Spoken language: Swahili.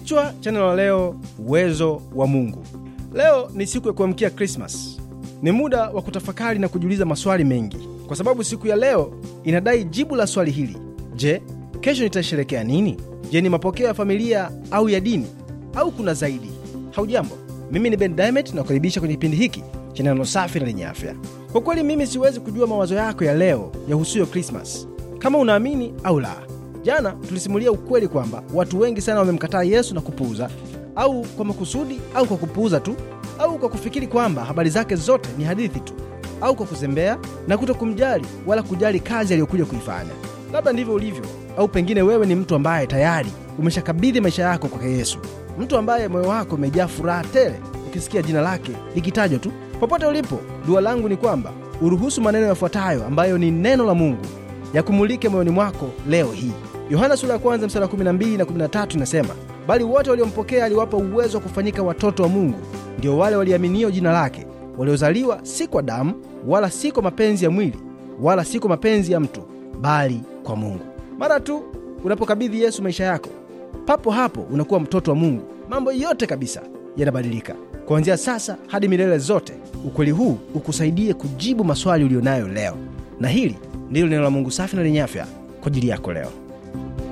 Kichwa cha neno la leo, uwezo wa Mungu. Leo ni siku ya kuamkia Krismas. Ni muda wa kutafakari na kujiuliza maswali mengi, kwa sababu siku ya leo inadai jibu la swali hili: je, kesho nitasherekea nini? Je, ni mapokeo ya familia au ya dini au kuna zaidi? Haujambo, mimi ni Ben Diamond na kukaribisha kwenye kipindi hiki cha neno safi na lenye afya. Kwa kweli, mimi siwezi kujua mawazo yako ya leo yahusuyo Krismas, kama unaamini au la Jana tulisimulia ukweli kwamba watu wengi sana wamemkataa Yesu na kupuuza, au kwa makusudi, au kwa kupuuza tu, au kwa kufikiri kwamba habari zake zote ni hadithi tu, au kwa kuzembea na kuto kumjali wala kujali kazi aliyokuja kuifanya. Labda ndivyo ulivyo, au pengine wewe ni mtu ambaye tayari umeshakabidhi maisha yako kwake Yesu, mtu ambaye moyo wako umejaa furaha tele ukisikia jina lake likitajwa tu. Popote ulipo, dua langu ni kwamba uruhusu maneno yafuatayo ambayo ni neno la Mungu yakumulike moyoni mwako leo hii. Yohana sura ya kwanza mstari 12 na 13 inasema, bali wote waliompokea aliwapa uwezo wa kufanyika watoto wa Mungu, ndio wale waliaminio jina lake, waliozaliwa si kwa damu wala si kwa mapenzi ya mwili wala si kwa mapenzi ya mtu, bali kwa Mungu. Mara tu unapokabidhi Yesu maisha yako, papo hapo unakuwa mtoto wa Mungu. Mambo yote kabisa yanabadilika kuanzia sasa hadi milele zote. Ukweli huu ukusaidie kujibu maswali ulionayo leo, na hili ndilo neno la Mungu safi na lenye afya kwa ajili yako leo. Thank you.